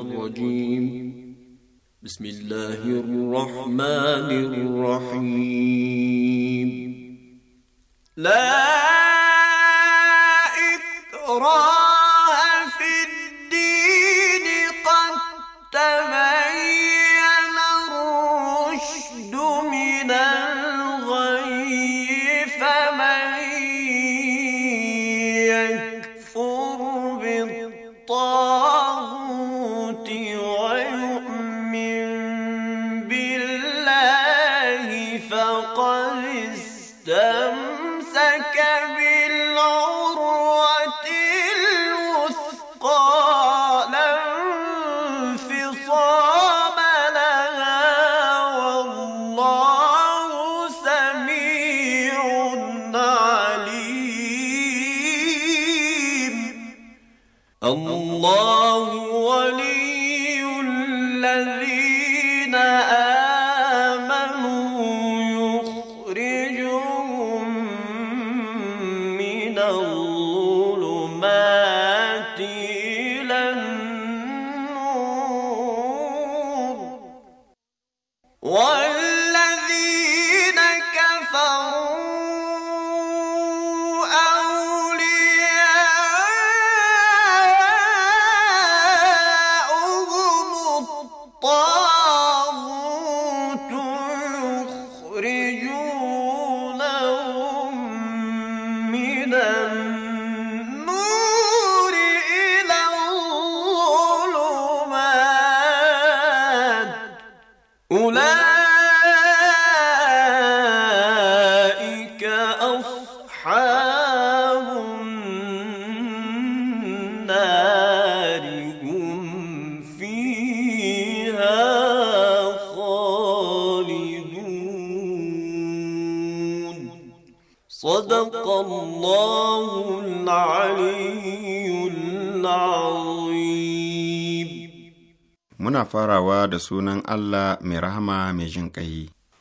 الرجيم بسم الله الرحمن الرحيم لا أصحاب النار هم فيها خالدون صدق الله العلي العظيم muna farawa da sunan Allah mai rahma, mai jinƙayi.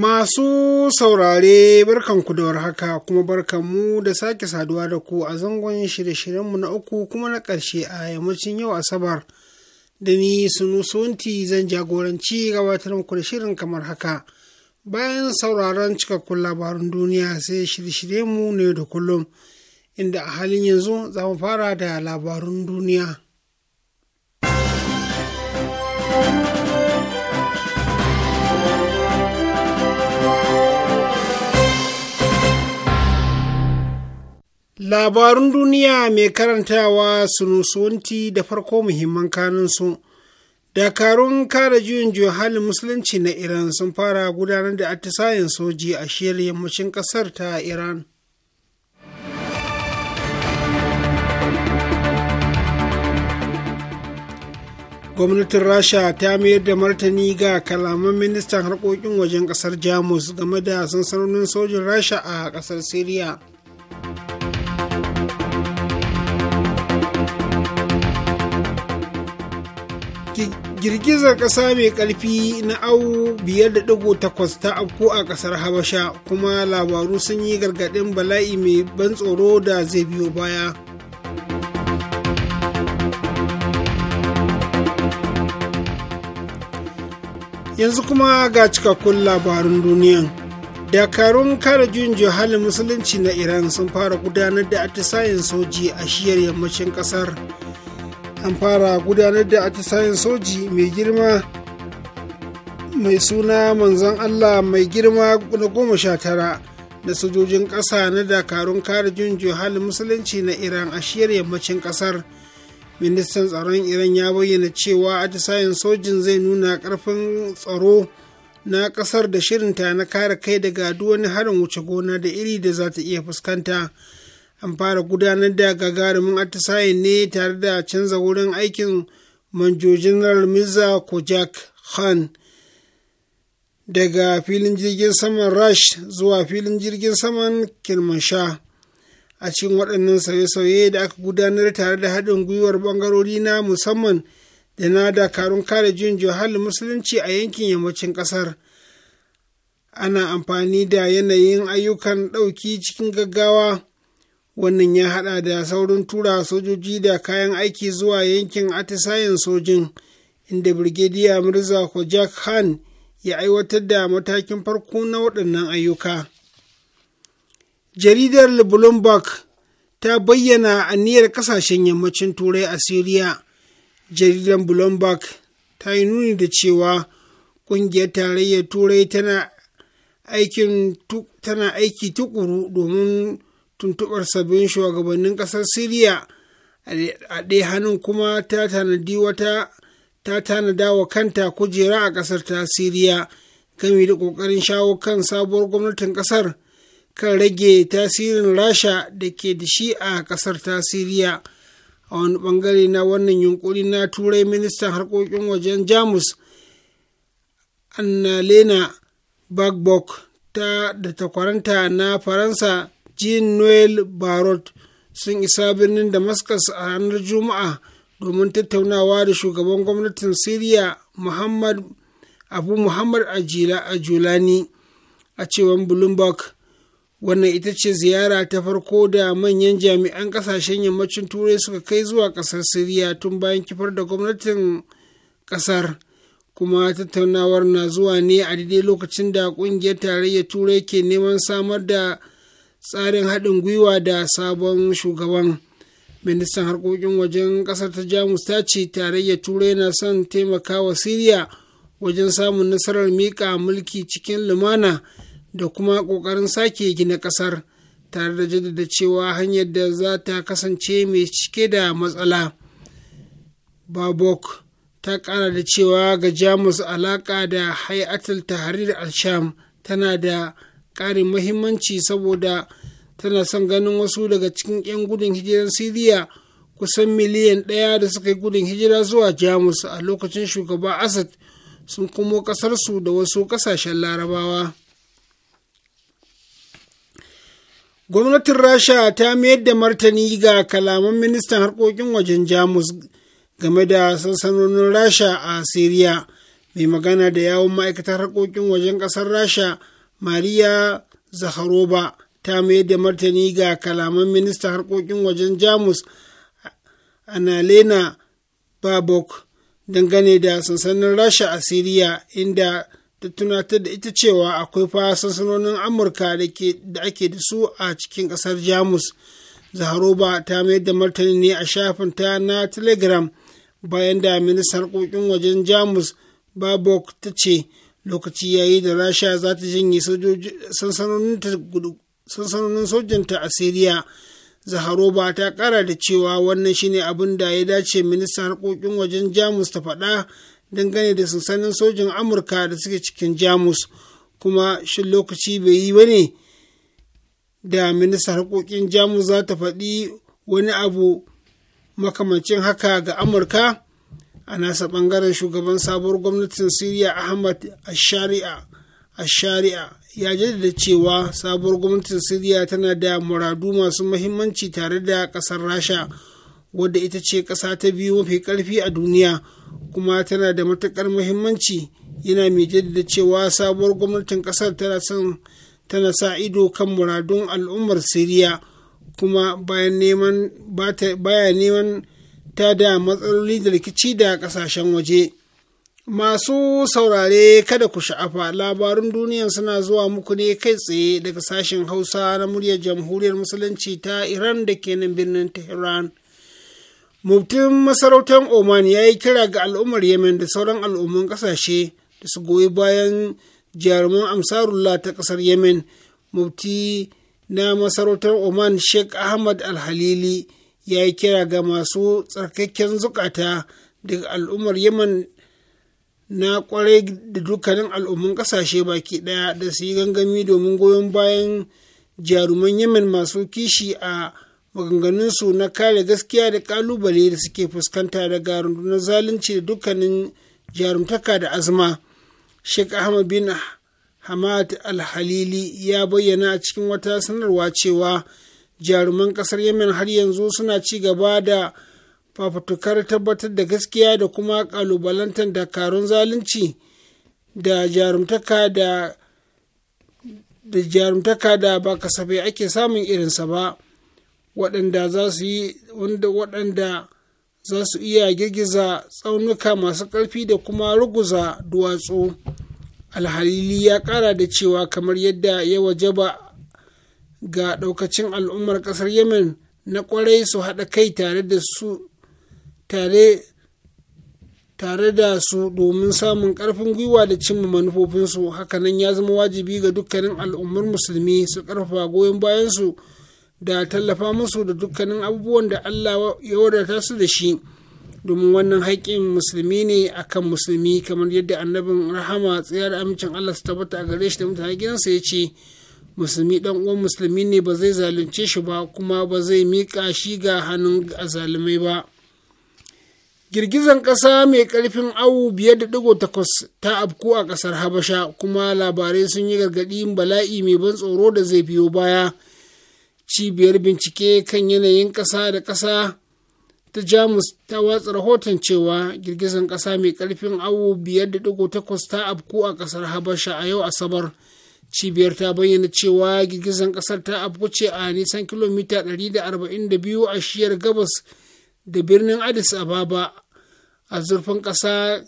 Masu saurare barkanku da haka kuma barkanmu da sake saduwa da ku a zangon shirye-shiryenmu na uku kuma na ƙarshe a yammacin yau Asabar. Da ni sunti zan jagoranci gabatar muku da shirin kamar haka. Bayan sauraron cikakkun labarin duniya sai shirye-shiryenmu ne da kullum, inda a halin yanzu za mu fara da labarun duniya. Labarun duniya mai karantawa sunusunti da farko muhimman kanunsu. Dakarun kare juyin halin musulunci na Iran sun fara gudanar da atisayen soji a shiyar yammacin ƙasar ta Iran. gwamnatin rasha ta mayar da martani ga kalaman ministan harkokin wajen kasar jamus game da sansanonin sojin rasha a kasar siriya girgizar ƙasa mai ƙarfi na awu biyar da takwas ta afko a ƙasar habasha kuma labaru sun yi gargaɗin bala'i mai ban tsoro da zai biyo baya yanzu kuma ga cikakkun labarun duniyan dakarun kare juyin musulunci na iran sun fara gudanar da atisayen soji a shiyar yammacin kasar an fara gudanar da atisayen soji mai girma mai suna manzon allah mai girma na goma sha tara da sojojin ƙasa na dakarun kare jin halin musulunci na iran a shiyar yammacin ƙasar ministan tsaron iran ya bayyana cewa atisayen sojin zai nuna ƙarfin tsaro na ƙasar da shirinta na kare kai daga wani harin wuce gona da iri da za ta iya fuskanta. an fara gudanar da gagarumin atisaye ne tare da canza wurin aikin manjo general mirza kojak khan daga filin jirgin saman rash zuwa filin jirgin saman kilmansha a cikin waɗannan sauye-sauye da aka gudanar tare da haɗin gwiwar ɓangarori na musamman da na dakarun kare jin johal musulunci a yankin yammacin ƙasar ana amfani da yanayin ayyukan ɗauki cikin gaggawa wannan ya haɗa da saurin tura sojoji da kayan aiki zuwa yankin atisayen sojin inda birgediya mirza jack han ya aiwatar da matakin farko na waɗannan ayyuka jaridar bloomberg ta bayyana aniyar ƙasashen yammacin turai a syria jaridar bloomberg ta yi nuni da cewa ƙungiyar tarayyar turai tana tana aiki tukuru domin tuntuɓar sabbin shugabannin ƙasar siriya a ɗaya hannun kuma ta tanadi wata ta tanada wa kanta kujera a ƙasar ta siriya gami da ƙoƙarin shawo kan sabuwar gwamnatin ƙasar kan rage tasirin rasha da ke da shi a ƙasar ta siriya a wani ɓangare na wannan yunƙuri na turai ministan harkokin wajen jamus annalena bagbok ta da takwaranta na faransa jean noel barot sun isa birnin damascus a ranar juma'a domin tattaunawa da shugaban gwamnatin siriya muhammad abu muhammad ajila a julani a cewan bloomberg wannan ita ce ziyara ta farko da manyan jami'an kasashen yammacin turai suka kai zuwa kasar siriya tun bayan kifar da gwamnatin kasar kuma tattaunawar na zuwa ne a daidai lokacin da kungiyar tarayyar turai ke neman samar da tsarin haɗin gwiwa da sabon shugaban ministan harkokin wajen ƙasar ta jamus ta ce tarayyar turai na son taimaka wa siriya wajen samun nasarar miƙa mulki cikin lumana da kuma ƙoƙarin sake gina ƙasar tare da jaddada cewa hanyar da za ta kasance mai cike da matsala babok ta ƙara da cewa ga jamus alaƙa da hayatul tahrir al-sham tana da ƙarin muhimmanci saboda tana son ganin wasu daga cikin 'yan gudun hijirar siriya kusan miliyan ɗaya da suka yi gudun hijira zuwa jamus a lokacin shugaba asad sun kuma ƙasarsu da wasu ƙasashen larabawa gwamnatin rasha ta mayar da martani ga kalaman ministan harkokin wajen jamus game da sansanonin rasha a siriya mai magana da yawon ma'aikatar harkokin wajen ƙasar rasha maria zaharoba ta mayar da martani ga kalaman ministan harkokin wajen jamus analena babok dangane da sansanin rasha a siriya inda ta tunatar da ita cewa akwai fa sansanonin amurka da ake da su a cikin kasar jamus zaharoba ta mayar da martani ne a shafin ta na telegram bayan da ministan harkokin wajen jamus babok ta ce lokaci yayi da rasha za ta janye sansanoninta sansanonin sojanta a siriya zaharoba ta kara da cewa wannan shine abin da ya dace ministan harkokin wajen jamus ta faɗa dangane da sansanin sojin amurka da suke cikin jamus kuma shin lokaci bai yi ba ne da ministan harkokin jamus za ta faɗi wani abu makamancin haka ga amurka a nasa ɓangaren shugaban sabuwar gwamnatin siriya ahmad ashari'a ashari'a ya jaddada cewa sabuwar gwamnatin siriya tana da muradu masu mahimmanci tare da ƙasar rasha wadda ita ce ƙasa ta biyu mafi ƙarfi a duniya kuma tana da matuƙar mahimmanci yana mai jaddada cewa sabuwar gwamnatin ƙasar tana tana sa ido kan muradun al'ummar siriya kuma baya neman ta da matsaloli da rikici da ƙasashen waje. Masu saurare kada ku sha'afa labarun duniya suna zuwa muku ne kai tsaye daga sashen Hausa na muryar Jamhuriyar Musulunci ta Iran da ke nan birnin Tehran. Muftin masarautar Oman ya yi kira ga al'ummar Yemen da sauran al'umman ƙasashe da su goyi bayan jaruman Amsarullah ta ƙasar Yemen. Mufti na masarautar Oman Sheikh Ahmad Alhalili, halili ya yi kira ga masu tsarkaken zukata daga al'ummar Yemen na kwarai da dukkanin al'ummun kasashe baki daya da su yi gangami domin goyon bayan jaruman yemen masu kishi a maganganunsu na kare gaskiya da kalubale da suke fuskanta daga rundunar zalunci da dukkanin jarumtaka da azuma sheikh ahmad bin hamad al-halili ya bayyana a cikin wata sanarwa cewa jaruman kasar yemen har yanzu suna ci gaba da fafutukar tabbatar da gaskiya da kuma kalubalantar dakarun zalunci da jarumtaka da da jarumtaka da ba kasafai ake samun irinsa ba waɗanda za su yi waɗanda za su iya girgiza tsaunuka masu ƙarfi da kuma ruguza duwatsu alhalili ya ƙara da cewa kamar yadda ya wajaba ga ɗaukacin al'ummar ƙasar yemen na ƙwarai su haɗa kai tare da su tare tare da su domin samun karfin gwiwa da cimma manufofinsu hakanan ya zama wajibi ga dukkanin al'ummar musulmi su karfafa goyon bayansu da tallafa musu da dukkanin abubuwan da allah ya wadata su da shi domin wannan haƙƙin musulmi ne a kan musulmi kamar yadda annabin rahama tsayar amincin allah su tabbata a gare shi da mutane gidansa ya ce musulmi dan uwan musulmi ne ba zai zalunce shi ba kuma ba zai miƙa shi ga hannun azalumai ba girgizan ƙasa mai ƙarfin awu biyar da digo takwas ta afku a ƙasar habasha kuma labarai sun yi gargaɗi bala'i mai ban tsoro da zai biyo baya cibiyar bincike kan yanayin ƙasa da ƙasa ta jamus ta watsa rahoton cewa girgizan ƙasa mai ƙarfin awu biyar da digo takwas ta afku a ƙasar habasha a yau asabar cibiyar ta bayyana cewa girgizan ƙasar ta afku ce a nisan kilomita 142 a shiyar gabas da birnin addis ababa a zurfin ƙasa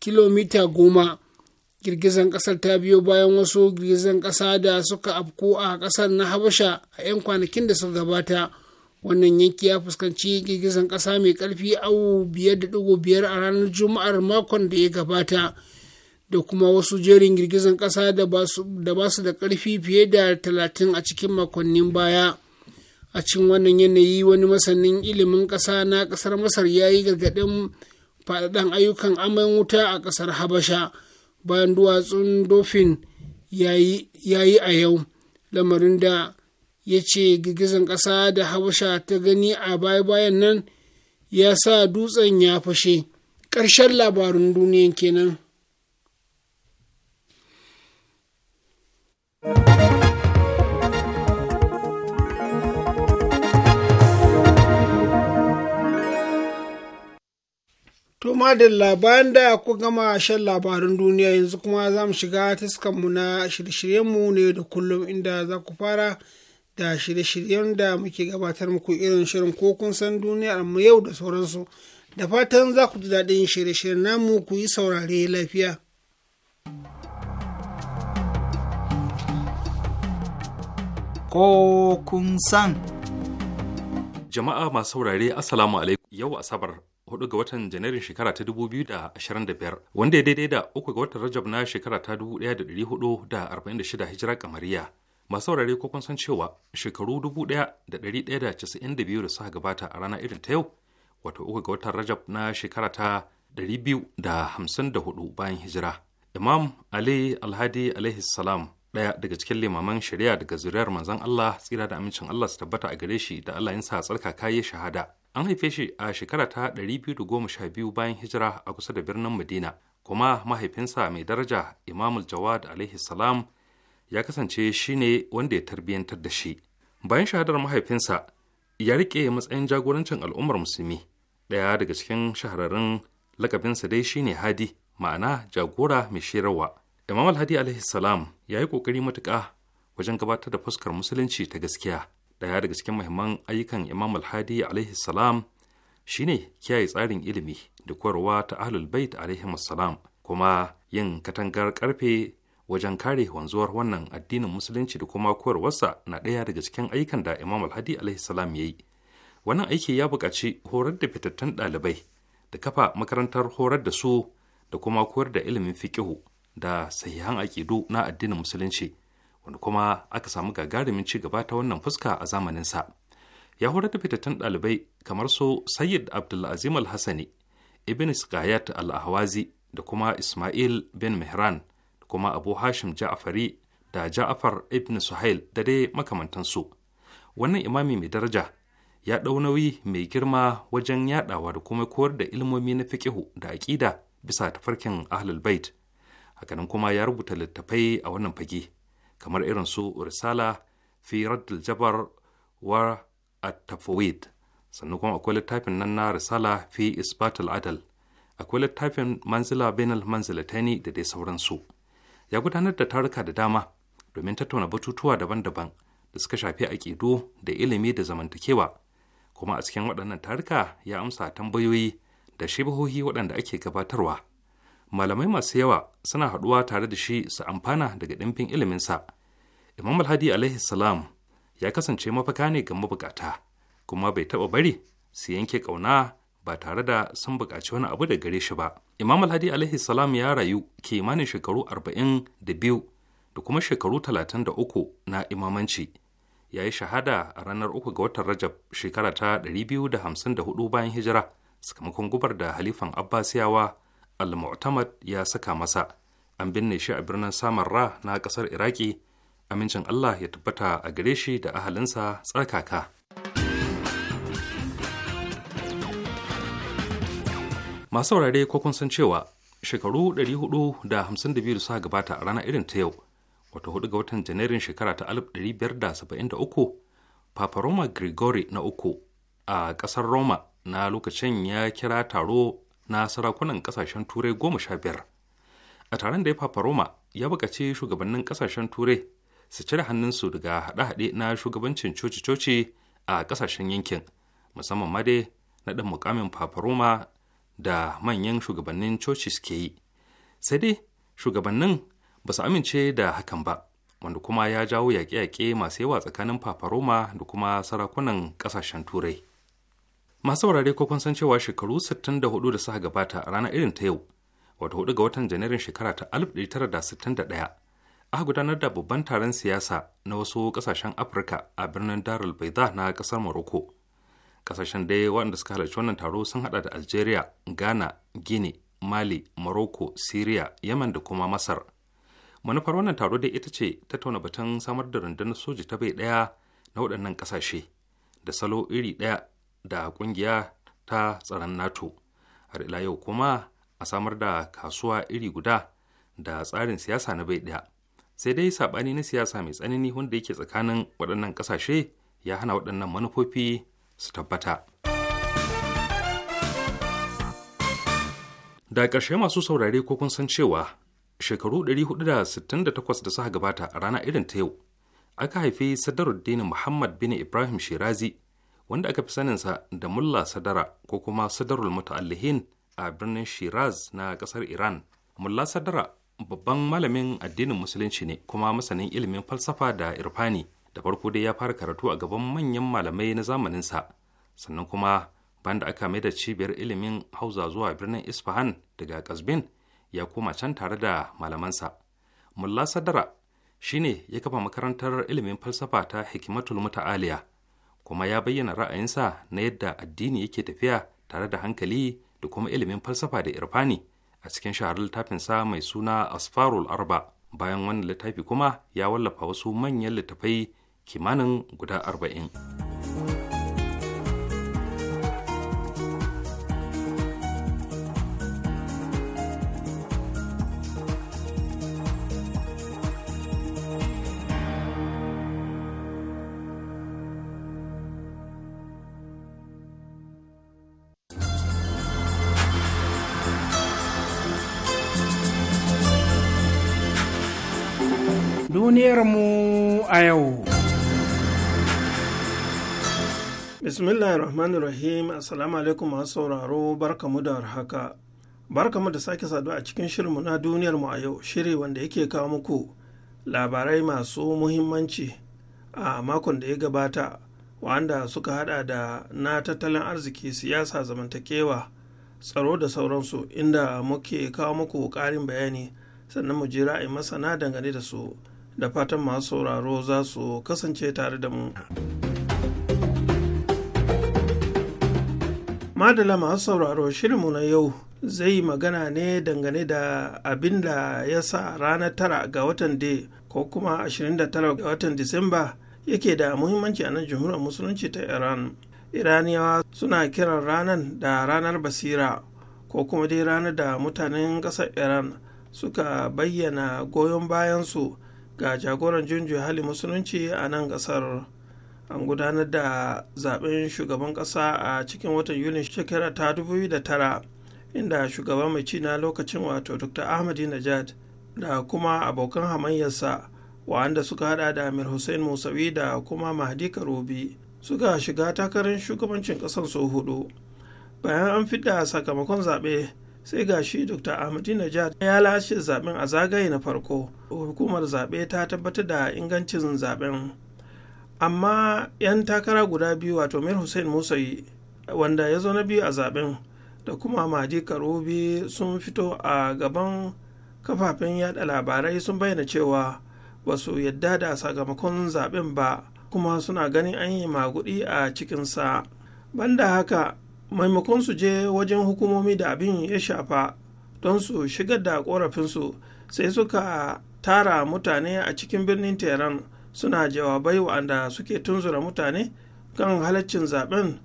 kilomita goma girgizan ƙasar ta biyo bayan wasu girgizan ƙasa da suka afko a ƙasar na habasha a 'yan kwanakin da suka gabata wannan yanki ya fuskanci girgizan ƙasa mai ƙarfi awu biyar da ɗigo biyar a ranar juma'ar makon da ya gabata da kuma wasu jerin girgizan ƙasa da ba su da ƙarfi fiye da talatin a cikin makonnin baya a cikin wannan yanayi wani masanin ilimin ƙasa na ƙasar masar ya yi gargaɗin faɗaɗan ayyukan amai wuta a ƙasar habasha bayan duwatsun dofin ya yi a yau lamarin da ya ce girgizan ƙasa da habasha ta gani a baya-bayan nan ya sa dutsen ya fashe ƙarshen labarin duniyan kenan. To da bayan da ku gama shan labarin duniya yanzu kuma za mu shiga taskanmu na shirye-shiryenmu ne da kullum inda za ku fara da shirye-shiryen da muke gabatar muku irin shirin ko kun san duniyar mu yau da sauransu. Da fatan za ku ji daɗin shirye-shiryen namu ku yi saurare lafiya. Ko kun san. Jama'a masu saurare Assalamu alaikum yau Asabar 4 ga watan janairun shekara ta 2025 wanda ya daidai da 3 ga watan rajab na shekara ta 1446 hijira kamariya masu saurare ko kunsan san cewa shekaru 1192 da suka gabata a rana irin ta yau wato 3 ga watan rajab na shekara ta 254 bayan hijira imam ali alhadi alaihi salam daya daga cikin limaman shari'a daga zuriyar manzon Allah tsira da amincin Allah su tabbata a gare shi da Allah ya sa tsarkaka kai shahada an haife shi a shekara ta 212 bayan hijira a kusa da birnin madina kuma mahaifinsa mai daraja imamul jawad alaihi salam ya kasance shine wanda ya tarbiyyantar da shi bayan shahadar mahaifinsa ya rike matsayin jagorancin al'ummar musulmi ɗaya daga cikin shahararrun lakabinsa dai shine hadi ma'ana jagora mai shirarwa imam alhadi alaihi salam ya yi ƙoƙari matuƙa wajen gabatar da fuskar musulunci ta gaskiya daya daga cikin muhimman ayyukan imam alhadi alaihi salam shine kiyaye tsarin ilimi da koyarwa ta ahlul bait alaihi salam kuma yin katangar karfe wajen kare wanzuwar wannan addinin musulunci da kuma koyarwarsa na ɗaya daga cikin ayyukan da imam alhadi alaihi salam ya wannan aiki ya buƙaci horar da fitattun ɗalibai da kafa makarantar horar da su da kuma koyar da ilimin fikihu da sahihan aƙidu na addinin musulunci wanda kuma aka samu gagarumin ci gaba ta wannan fuska a zamanin sa ya horar da fitattun dalibai kamar su sayyid abdulazim al-hassani ibn sikayat al-ahwazi da kuma ismail bin mehran da kuma abu hashim ja'afari da ja'afar ibn suhail da dai makamantansu wannan imami mai daraja ya ɗau nauyi mai girma wajen yaɗawa da kuma koyar da ilmomi na fiƙihu da aƙida bisa tafarkin ahlul bait hakanan kuma ya rubuta littattafai a wannan fage kamar irin su risala fi raddul jabar wa at-tafawid sannan kuma akwai littafin nan na risala fi isbatul adal akwai littafin manzila bainal manzilatani da dai sauransu ya gudanar da taruka da dama domin tattauna batutuwa daban-daban da suka shafi aƙidu da ilimi da zamantakewa kuma a cikin waɗannan taruka ya amsa tambayoyi da shibahohi waɗanda ake gabatarwa malamai masu yawa suna haɗuwa tare da shi su amfana daga ɗimfin iliminsa imam alhadi alaihi salam ya kasance mafaka ne ga mabukata kuma bai taɓa bari su yanke ƙauna ba tare da sun buƙaci wani abu da gare shi ba imam alhadi alaihi salam ya rayu kimanin shekaru arba'in da biyu da kuma shekaru talatin da uku na imamanci ya yi shahada a ranar uku ga watan rajab shekara ta 254 bayan hijira sakamakon gubar da halifan abbasiyawa al-mu'tamad ya saka masa an binne shi a birnin samarra na kasar iraki amincin allah ya tabbata a gare shi da ahalinsa tsarkaka masu saurare ko kun san cewa shekaru 452 da suka gabata a rana irin ta yau wata hudu ga watan janairun shekara ta 1573 papa roma gregory na uku a ƙasar roma na lokacin ya kira taro na sarakunan kasashen turai goma sha biyar a taron da ya fafa roma ya bukaci shugabannin kasashen turai su cire hannunsu daga haɗe-haɗe na shugabancin coci-coci a kasashen yankin musamman ma dai na ɗan mukamin fafa roma da manyan shugabannin coci suke yi sai dai shugabannin ba su amince da hakan ba wanda kuma ya jawo yaƙe-yaƙe masu yawa tsakanin fafa roma da kuma sarakunan ƙasashen turai masu wurare ko kun san cewa shekaru 64 da suka gabata a ranar irin ta yau wata hudu ga watan janairun shekara ta 1961 aka gudanar da babban taron siyasa na wasu kasashen afirka a birnin darul baida na kasar morocco kasashen dai waɗanda suka halarci wannan taro sun hada da algeria ghana gini mali morocco syria yaman da kuma masar manufar wannan taro dai ita ce tattauna batun samar da rundunar soji ta bai ɗaya na waɗannan ƙasashe da salo iri ɗaya da ƙungiya ta tsaron nato har ila yau kuma a samar da kasuwa iri guda da tsarin siyasa na bai ɗaya sai dai saɓani na siyasa mai tsanani wanda yake tsakanin waɗannan ƙasashe ya hana waɗannan manufofi su tabbata da ƙarshe masu saurare ko kun san cewa shekaru 468 da suka gabata a rana irin ta yau aka haifi sadaruddin muhammad bin ibrahim shirazi wanda aka fi saninsa da mulla sadara ko kuma sadarul muta'allihin a birnin shiraz na kasar iran mulla sadara babban malamin addinin musulunci ne kuma masanin ilimin falsafa da irfani da farko dai ya fara karatu a gaban manyan malamai na zamaninsa sannan kuma bayan da aka da cibiyar ilimin hausa zuwa birnin isfahan daga kasbin ya koma can tare da malamansa mulla sadara shine ya kafa makarantar ilimin falsafa ta hikimatul muta'aliya kuma ya bayyana ra'ayinsa na yadda addini yake tafiya tare da hankali da kuma ilimin falsafa da irfani a cikin shaharar littafinsa mai suna asfarul arba bayan wannan littafi kuma ya wallafa wasu manyan littafai kimanin guda arba'in. mu a yau. Bismillahir Rahmanir Rahim, Assalamu alaikum masu sauraro, barkamu da warhaka. Barkamu da sake saduwa a cikin shirin mu na duniyar mu a yau, shiri wanda yake kawo muku labarai masu muhimmanci a makon da ya gabata, wanda suka hada da na tattalin arziki, siyasa, zamantakewa, tsaro da sauransu, inda muke kawo muku ƙarin bayani sannan mu ji ra'ayin masana dangane da su. da fatan masu sauraro za su kasance tare da mu. Madala masu sauraro shirinmu na yau zai magana ne dangane da abin da ya sa ranar tara ga watan da ko kuma 29 ga watan Disamba yake da muhimmanci a nan jamhuriyar musulunci ta Iran. Iraniyawa suna kiran ranar da ranar basira ko kuma dai ranar da mutanen ƙasar Iran suka bayyana goyon bayansu ga jagoran junjuya hali musulunci a nan kasar an gudanar da zaben shugaban kasa a cikin watan yulin shekara ta 2009 inda shugaban mai ci na lokacin wato dr ahmadi najad da kuma abokan hamayyarsa wa'anda suka hada da amir hussein musawi da kuma mahdi karobi suka shiga takarar shugabancin kasar su hudu bayan an fidda sakamakon zaɓe sai ga shi dr ahmadi najad ya lashe zaben a zagaye na farko hukumar zaɓe ta tabbatar da ingancin zaɓen amma 'yan takara guda biyu wato mir hussein musayi wanda ya zo na biyu a zaɓen da kuma maji karobi sun fito a gaban kafafen yada labarai sun bayyana cewa ba su yadda da sakamakon zaɓen ba kuma suna ganin an yi magudi a cikinsa banda haka maimakon su je wajen hukumomi da abin ya shafa don su shigar da korafinsu sai suka tara mutane a cikin birnin tehran suna jawabai wa'anda suke tunzura mutane kan halaccin zaben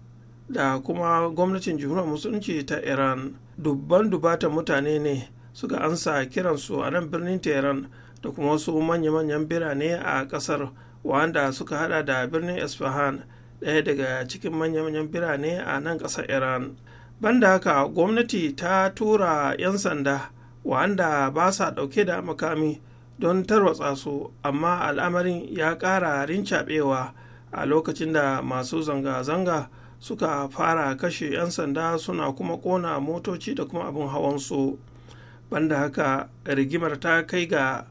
da kuma gwamnatin jihuwar musulunci ta iran dubban dubata mutane ne suka ansa kiransu a nan birnin tehran da kuma wasu manya-manyan birane a ƙasar wanda suka hada da birnin isfahan ɗaya daga cikin manya-manyan birane a nan ƙasar iran banda haka gwamnati ta tura 'yan sanda wanda ba sa ɗauke da makami don tarwatsa su amma al'amarin ya ƙara rincaɓewa a lokacin da masu zanga-zanga suka fara kashe 'yan sanda suna kuma ƙona motoci da kuma abin hawansu banda haka rigimar ta kai ga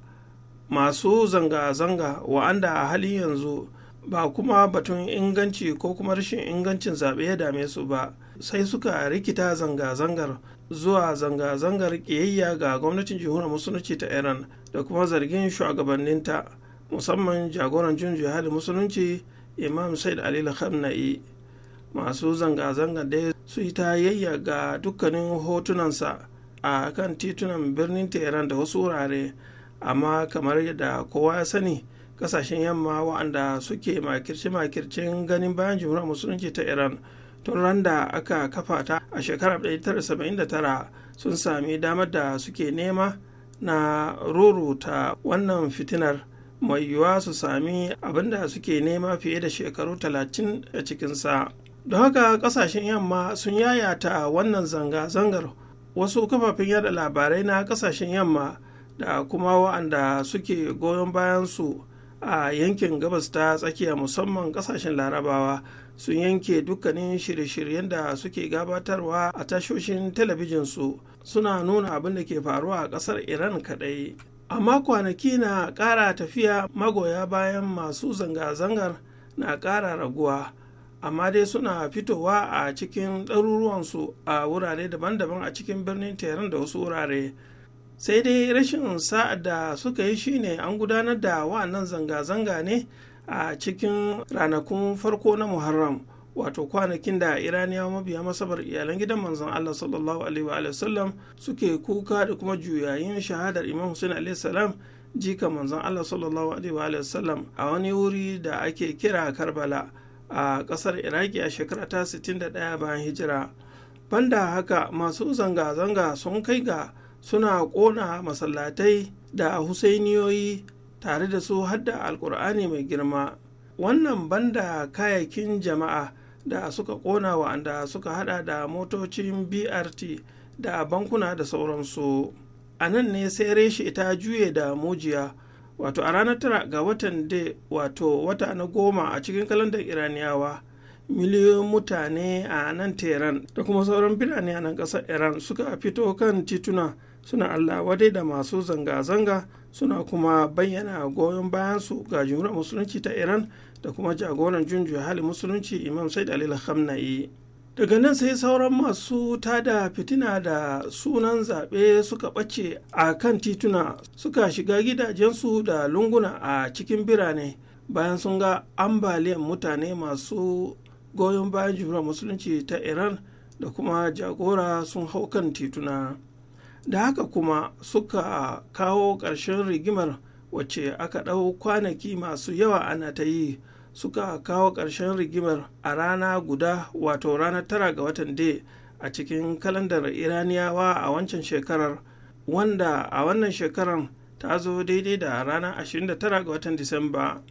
masu zanga-zanga wa'anda a halin yanzu ba kuma batun inganci ko kuma rashin ingancin zaɓe ya dame su ba sai suka rikita zanga-zangar zuwa zanga-zangar ƙiyayya ga gwamnatin jihunar musulunci ta iran da kuma zargin shugabanninta musamman jagoran jin jihadin musulunci imam said ali khamna'i masu zanga-zanga da su yi tayayya ga dukkanin hotunansa a kan titunan birnin tehran da wasu wurare amma kamar yadda kowa ya sani kasashen yamma waɗanda suke makirce-makircen ganin bayan jimhuriyar musulunci ta iran tun da aka kafa ta a shekarar 1979 sun sami damar da suke nema na rurruta wannan fitinar mai yiwuwa su sami abin da suke nema fiye da shekaru 30 a cikinsa don haka kasashen yamma sun yayata wannan zanga-zangar wasu kafafen yada labarai na kasashen yamma da kuma wa'anda suke goyon bayan su a yankin gabas ta tsakiya musamman kasashen larabawa sun yanke dukkanin shirye-shiryen da suke gabatarwa a tashoshin talabijin su suna nuna abin da ke faruwa a kasar iran kadai amma kwanaki na ƙara tafiya magoya bayan masu zanga-zangar na ƙara raguwa amma dai suna fitowa a cikin ɗaruruwansu a wurare daban-daban a cikin birnin teran da wasu wurare sai dai rashin sa'ad da suka yi shine an gudanar da wa'annan zanga-zanga ne a cikin ranakun farko na muharram wato kwanakin da iraniya mabiya masabar iyalan gidan manzon allah sallallahu alaihi wa sallam suke kuka da kuma juyayin shahadar imam hussein alaihi salam jika manzon allah sallallahu alaihi wa sallam a wani wuri da ake kira karbala a kasar iraki a shekara ta 61 bayan hijira banda haka masu zanga-zanga sun kai ga suna ƙona masallatai da husainiyoyi tare da su hadda alkur'ani mai girma wannan banda kayakin jama'a da suka ƙona wa'anda suka hada da motocin brt da bankuna da sauransu a nan ne sai reshe ta juye da mujiya wato a ranar tara ga watan da wato wata na goma a cikin kalandar iraniyawa miliyoyin mutane a nan teran da kuma sauran birane a nan ƙasar iran suka fito kan tituna suna allah wadai da masu zanga-zanga suna kuma bayyana goyon bayansu ga jumhuriyar musulunci ta iran da kuma jagoran junju hali musulunci imam said alil khamnai daga nan sai sauran masu tada fitina da sunan zaɓe suka ɓace a kan tituna suka shiga gidajensu da lunguna a cikin birane bayan sun ga ambaliyan mutane masu goyon bayan jumhuriyar musulunci ta iran da kuma jagora sun hau kan tituna da haka kuma suka kawo ƙarshen rigimar wacce aka ɗau kwanaki masu yawa ana ta yi suka kawo ƙarshen rigimar a rana guda wato ranar tara ga watan dai a cikin kalandar iraniyawa a wancan shekarar wanda a wannan shekarar ta zo daidai da ranar 29 ga watan disamba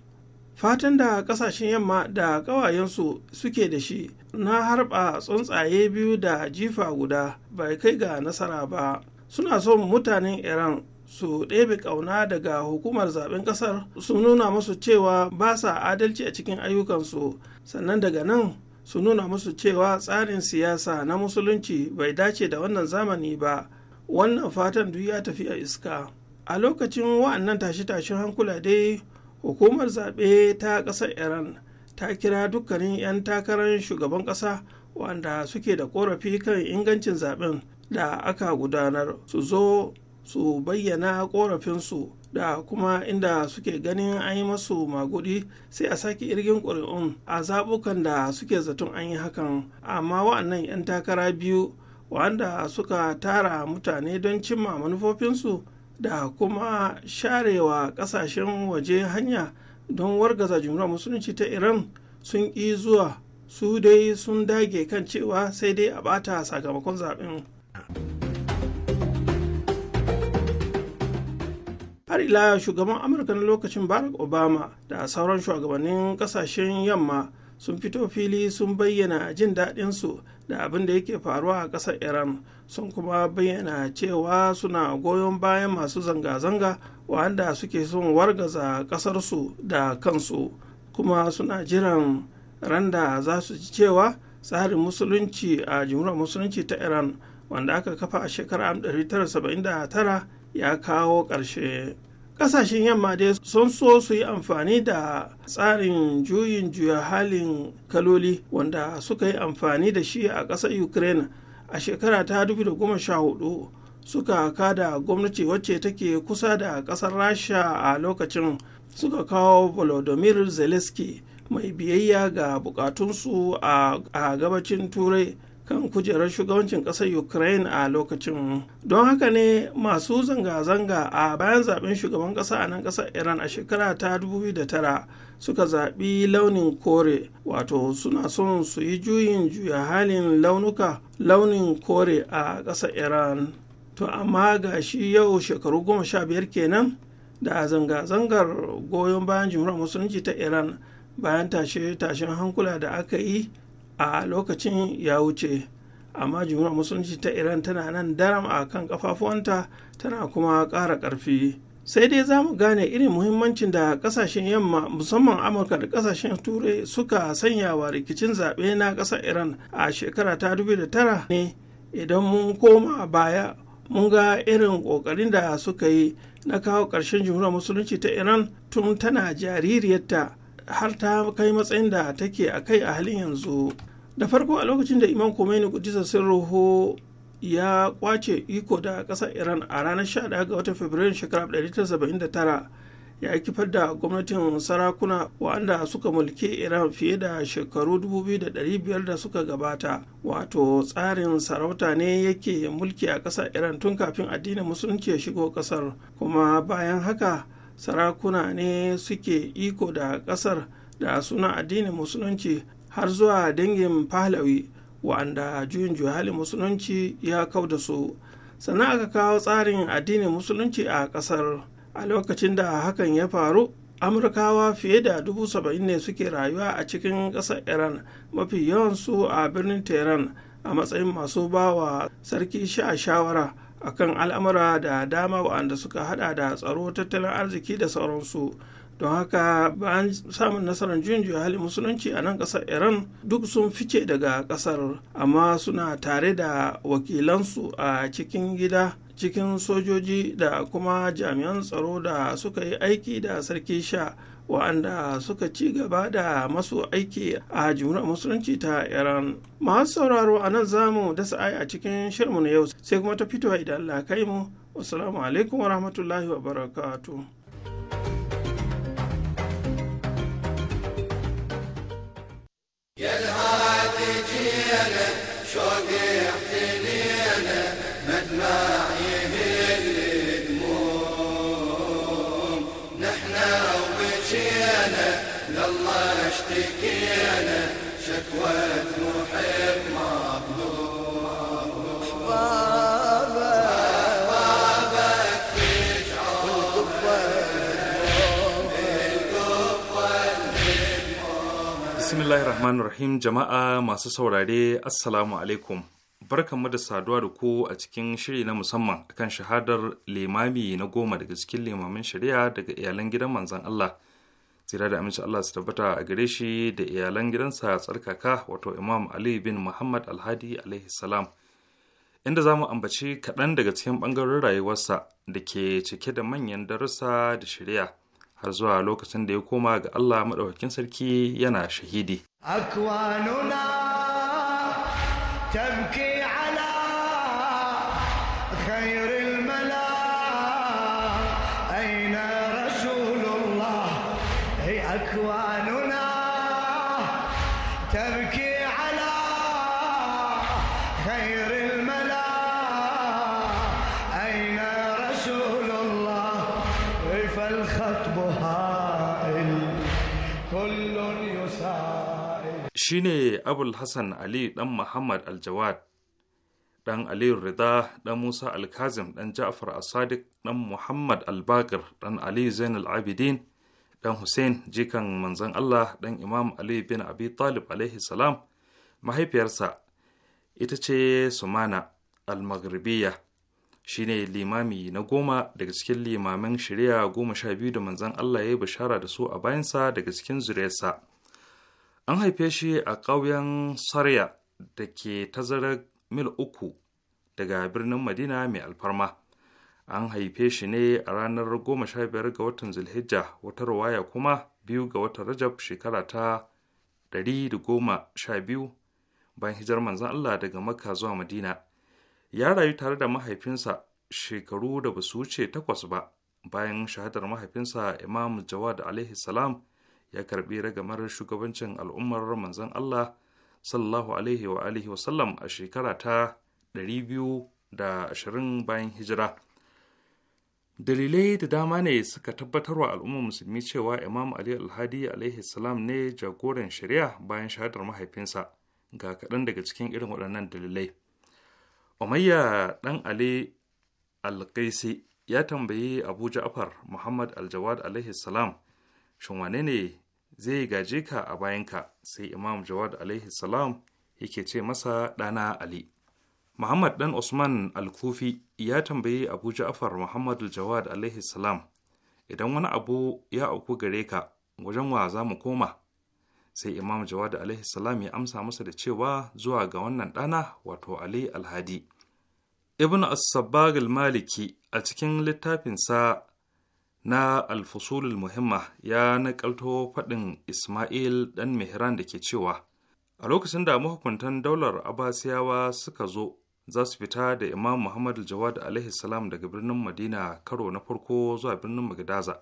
fatan da kasashen yamma da ƙawayensu suke da shi na harba tsuntsaye biyu da jifa guda bai kai ga nasara ba suna son mutanen iran su ɗebe ƙauna daga hukumar zaben ƙasar su nuna musu cewa ba sa adalci a cikin ayyukansu sannan daga nan su nuna musu cewa tsarin siyasa na musulunci bai dace da wannan zamani ba wannan fatan duk ya tafi a iska a lokacin wa'annan tashe-tashen hankula dai hukumar zaɓe ta ƙasar iran ta kira dukkanin 'yan takarar shugaban ƙasa wanda suke da korafi kan ingancin zaɓen. da aka gudanar su zo su bayyana korafinsu da kuma inda suke ganin an yi masu magudi sai a sake irgin ƙuri'un a zaɓukan da suke zaton an yi hakan amma wa'annan 'yan takara biyu wanda suka tara mutane don cimma manufofinsu da kuma sharewa ƙasashen waje hanya don wargaza jumhuriyar musulunci ta iran sun ƙi zuwa su dai sun dage kan cewa sai dai a ɓata sakamakon zaɓen har ila shugaban amurka na lokacin barack obama da sauran shugabannin kasashen yamma sun fito fili sun bayyana jin daɗinsu da abin da yake faruwa a ƙasar iran sun kuma bayyana cewa suna goyon bayan masu zanga-zanga wanda suke son wargaza ƙasarsu da kansu kuma suna jiran randa za su ji cewa tsarin musulunci a jimhuriyar musulunci ta iran wanda aka kafa a shekarar 1979 ya kawo ƙarshe ƙasashen yamma dai sun so su yi amfani da tsarin juyin juya halin kaloli wanda suka yi amfani da shi a ƙasar ukraine a shekara ta 2014 suka kada gwamnati wacce take kusa da ƙasar rasha a lokacin suka kawo volodymyr zelensky mai biyayya ga bukatunsu a gabacin turai kan kujerar shugabancin ƙasar ukraine a lokacin don haka ne masu zanga-zanga a bayan zaben shugaban ƙasa a nan ƙasar iran a shekara ta 2009 suka zaɓi launin kore wato suna son su yi juyin juya halin launuka launin kore a ƙasar iran to amma ga shi yau shekaru goma sha biyar kenan da zanga-zangar goyon bayan jimhuriyar musulunci ta iran bayan tashe-tashen hankula da aka yi a lokacin ya wuce amma jumhuriyar musulunci ta iran tana nan daram a kan kafafuwanta tana kuma ƙara ƙarfi sai dai za mu gane irin muhimmancin da kasashen yamma musamman amurka da kasashen turai suka sanya wa rikicin zaɓe na ƙasar iran a shekara ta tara? ne idan mun koma baya mun ga irin ƙoƙarin da suka yi na kawo ƙarshen jumhuriyar musulunci ta iran tun tana jaririyarta har ta kai matsayin da take a kai a halin yanzu da farko a lokacin da imam khomeini kudisa roho ya kwace iko da ƙasar iran a ranar 11 ga watan fabrairun shekarar 1979 ya kifar da gwamnatin sarakuna waɗanda suka mulki iran fiye da shekaru 2500 da suka gabata wato tsarin sarauta ne yake mulki a ƙasar iran tun kafin addinin musulunci ya shigo ƙasar kuma bayan haka sarakuna ne suke iko da ƙasar da suna addinin musulunci har zuwa dangin pahlawi wa'anda juyin juhali musulunci ya kau da su sannan aka kawo tsarin addinin musulunci a kasar a lokacin da hakan ya faru amurkawa fiye da dubu saba'in ne suke rayuwa a cikin ƙasar iran mafi yawan su a birnin tehran a matsayin masu bawa sarki sha shawara akan al'amura da dama waɗanda suka hada da tsaro tattalin arziki da sauransu don haka bayan samun nasarar juyin juya halin musulunci a nan kasar iran duk sun fice daga kasar amma suna tare da wakilansu a cikin gida cikin sojoji da kuma jami'an tsaro da suka yi aiki da sarki sha wa'anda suka ci gaba da masu aiki a jimuna musulunci ta iran masu sauraro a nan zamu dasa ai a cikin shirmu na yau sai kuma ta fito idan Allah kai mu wasu alaikum wa rahmatullahi يا الهادي جينا شوق يحتلينا مدمع يهل دموم نحنا وبجينا لله اشتكينا شكوى محبنا Bismillahir Rahmanir Rahim jama'a masu saurare Assalamu alaikum. Barkanmu da saduwa da ku a cikin shiri na musamman kan shahadar limami na goma daga cikin limamin shari'a daga iyalan gidan manzon Allah. Zira da aminci Allah su tabbata a gare shi da iyalan gidansa tsarkaka wato Imam Ali bin Muhammad Alhadi alaihi salam. Inda za mu ambaci kaɗan daga cikin ɓangaren rayuwarsa da ke cike da manyan darussa da shari'a. har zuwa lokacin da ya koma ga Allah maɗaukakin sarki yana shahidi. Akwanuna shine abul hassan ali dan muhammad aljawad dan aliyu rida dan musa alkazim dan ja'far asadik dan muhammad albakir dan ali zainal abidin dan hussein jikan manzon allah dan imam ali bin abi talib alaihi salam mahaifiyarsa ita ce sumana almaghribiya shine limami na goma daga cikin limamin shari'a goma sha biyu da manzon allah ya yi bishara da su a bayansa daga cikin zuriyarsa an haife shi a ƙauyen sarya da ke tazarar mil uku daga birnin madina mai alfarma an haife shi ne a ranar 15 ga watan zulhijja wata ruwaya kuma biyu ga watan rajab shekara ta 112 bayan hijar manzan allah daga maka zuwa madina ya rayu tare da mahaifinsa shekaru da ba su wuce takwas ba bayan shahadar mahaifinsa imam jawad alaihi salam ya karbi ragamar shugabancin al'ummar manzon Allah sallallahu alaihi wa alihi wasallam a shekara ta 220 bayan hijira dalilai da dama ne suka tabbatar wa al'ummar musulmi cewa imam ali alhadi alaihi salam ne jagoran shari'a bayan shahadar mahaifinsa ga kaɗan daga cikin irin waɗannan dalilai umayya ɗan ali alkaisi ya tambayi abu ja'far muhammad aljawad alaihi salam shin wane ne zai gaje ka a bayanka sai imam jawad alaihi salam yake ce masa ɗana ali muhammad dan usman al-kufi ya tambayi abu ja'far muhammad jawad alaihi salam idan wani abu ya auku gare ka wajen wa za mu koma sai imam jawad alaihi salam ya amsa masa da cewa zuwa ga wannan ɗana wato ali alhadi ibn as-sabbag al-maliki a cikin littafinsa na alfusulul muhimma ya nakalto faɗin Ismail ɗan Mihran da ke cewa, A lokacin da mahukuntan daular abasiyawa suka zo, za su fita da Imam Muhammad Jawad alaihi salam daga birnin Madina karo na farko zuwa birnin Magadaza.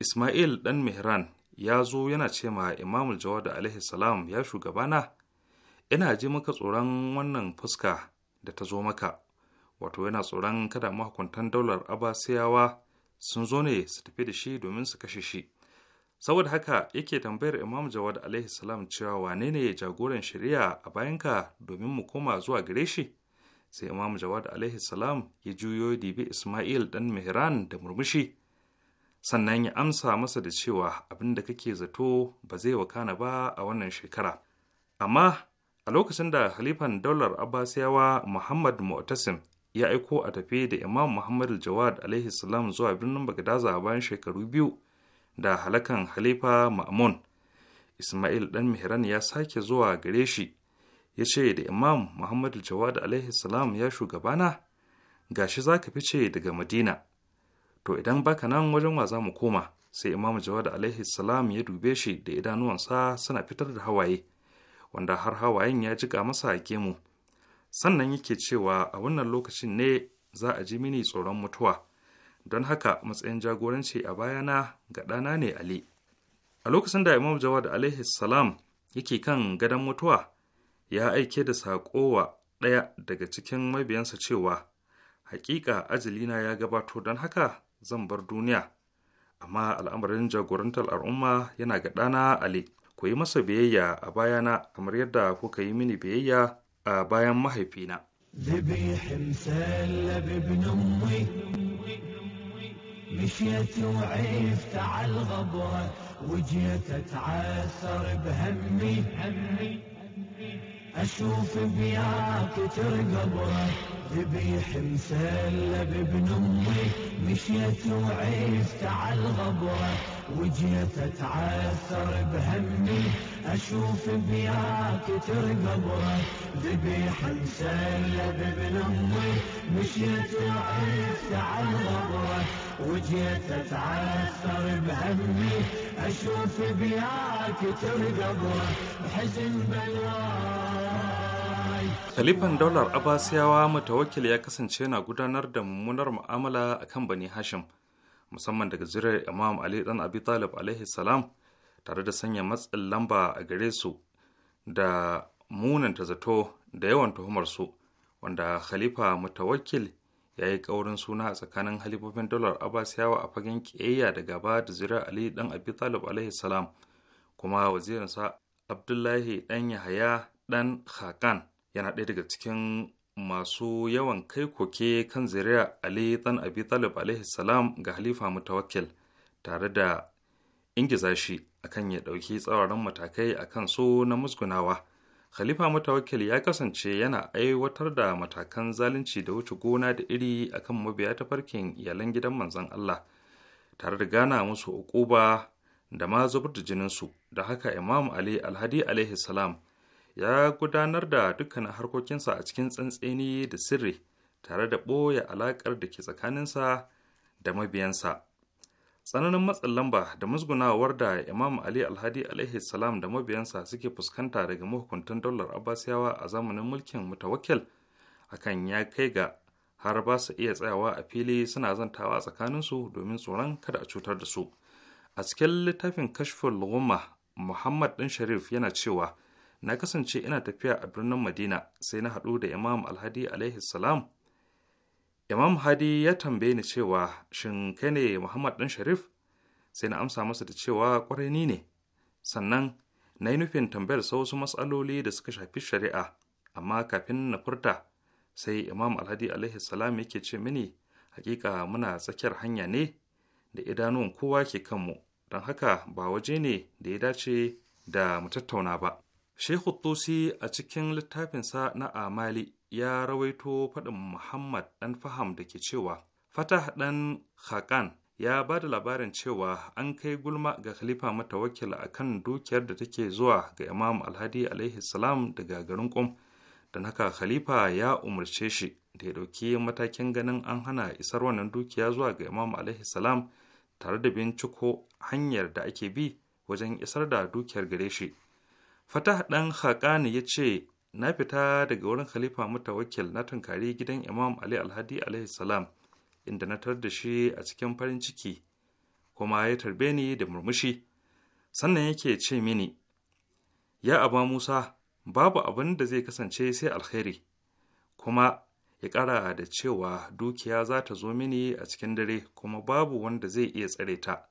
Ismail ɗan Mihran ya zo yana ce ma Imam Jawad alaihi salam ya shugabana, ina ji maka tsoron wannan fuska da ta zo maka, wato yana tsoron kada mahukuntan daular abasiyawa sun zo ne su tafi da shi domin su kashe shi saboda haka yake tambayar imam jawad alaihi salam cewa wane ne jagoran shari'a a bayanka domin mu koma zuwa gare shi sai imam jawad alaihi salam ya juyo dibi ismail dan mihran da murmushi sannan ya amsa masa da cewa abin da kake zato ba zai wakana ba a wannan shekara amma a lokacin da halifan daular abbasiyawa muhammad mu'tasim ya aiko a tafi da imam muhammad jawad alaihi salam zuwa birnin bagdaza bayan shekaru biyu da halakan halifa ma'amun ismail dan mihran ya sake zuwa gare shi ya ce da imam muhammad jawad alaihi salam ya shugabana gashi za ka fice daga madina to idan baka nan wajen wa za mu koma sai imam jawad alaihi salam ya dube shi da idanuwansa suna fitar da hawaye wanda har hawayen ya jiƙa masa gemu mu sannan yake cewa a wannan lokacin ne za a ji mini tsoron mutuwa don haka matsayin jagoranci a bayana ga ɗana ne ali a lokacin da imam jawad alaihi salam yake kan gadon mutuwa ya aike da saƙo wa ɗaya daga cikin mabiyansa cewa haƙiƙa ajalina ya gabato don haka zan bar duniya amma al'amarin jagorantar al'umma yana ga ɗana ali ku yi masa biyayya a bayana kamar yadda kuka yi mini biyayya a bayan mahaifina. ذبيح مسلب ابن امي مشيت وعيفت على الغبرة وجيت اتعثر بهمي همي اشوف بياك ترقبره ذبيح مسلب ابن امي مشيت وعيفت على الغبره وجيت اتعثر بهمي اشوف بياك ترقبره ذبيح مسلب ابن امي مشيت وعفت على الغبره وجيت اتعثر بهمي اشوف بياك ترقبره بحزن بلاي Khalifan daular Abasiyawa mutawakil ya kasance na gudanar da mummunar mu'amala a kan Bani Hashim, musamman daga zirar imam ali dan abi talib alaihi salam tare da sanya matsin lamba a gare su da munanta zato da yawan tuhumar su wanda khalifa mutawakkil ya yi ƙaurin suna a tsakanin halifofin dalar abasiyawa a fagen kiyayya da gaba da zira ali dan abi talib alaihi salam kuma wazirinsa abdullahi dan yahaya dan khakan yana ɗaya daga cikin masu yawan kai koke kan zuriya Ali dan Abi Talib alaihi salam ga Halifa Mutawakkil tare da ingiza akan ya dauki tsawaran matakai akan so na musgunawa. Khalifa Mutawakkil ya kasance yana aiwatar da matakan zalunci da wuce gona da iri akan mabiya ta farkin iyalan gidan manzon Allah tare da gana musu uquba da ma zubar da jininsu da haka Imam Ali Alhadi alaihi salam ya gudanar da dukkanin harkokinsa a cikin tsantseni da sirri tare da ɓoye alaƙar da ke tsakaninsa da mabiyansa tsananin matsin lamba da musgunawar da imam ali alhadi alaihi salam da mabiyansa suke fuskanta daga mahukuntan daular abbasiyawa a zamanin mulkin mutawakkil akan ya kai ga har ba su iya tsayawa a fili suna zantawa tsakaninsu domin tsoron kada a cutar da su a cikin littafin kashfin luguma muhammad ɗin sharif yana cewa na kasance ina tafiya a birnin madina sai na haɗu da imam alhadi alaihi salam imam hadi ya tambaye ni cewa shin kai ne muhammad ɗan sharif sai na amsa masa da cewa ƙwarai ni ne sannan na yi nufin tambayar sa wasu matsaloli da suka shafi shari'a amma kafin na furta sai imam alhadi alaihi salam yake ce mini hakika muna tsakiyar hanya ne da idanuwan kowa ke kanmu don haka ba waje ne da ya dace da mu tattauna ba Shehu Tusi a cikin littafinsa na Amali ya rawaito faɗin Muhammad ɗan Faham da ke cewa Fatah ɗan Khakan ya ba da labarin cewa an kai gulma ga Khalifa mata wakil a kan dukiyar da take zuwa ga Imam Alhadi alaihi salam daga garin Qom. Don haka Khalifa ya umarce shi da ya ɗauki matakin ganin an hana isar wannan dukiya zuwa ga Imam alaihi salam tare da binciko hanyar da ake bi wajen isar da dukiyar gare shi. Fatah ɗan Haƙani ya ce, Na fita daga wurin Khalifa Mutawakil na tunkari gidan Imam Ali Alhadi alaihi inda na tar da shi a cikin farin ciki, kuma ya tarbe ni da murmushi. Sannan yake ce mini, Ya aba Musa, babu abin da zai kasance sai alkhairi, kuma ya ƙara da cewa dukiya za ta zo mini a cikin dare kuma babu wanda zai iya tsare ta,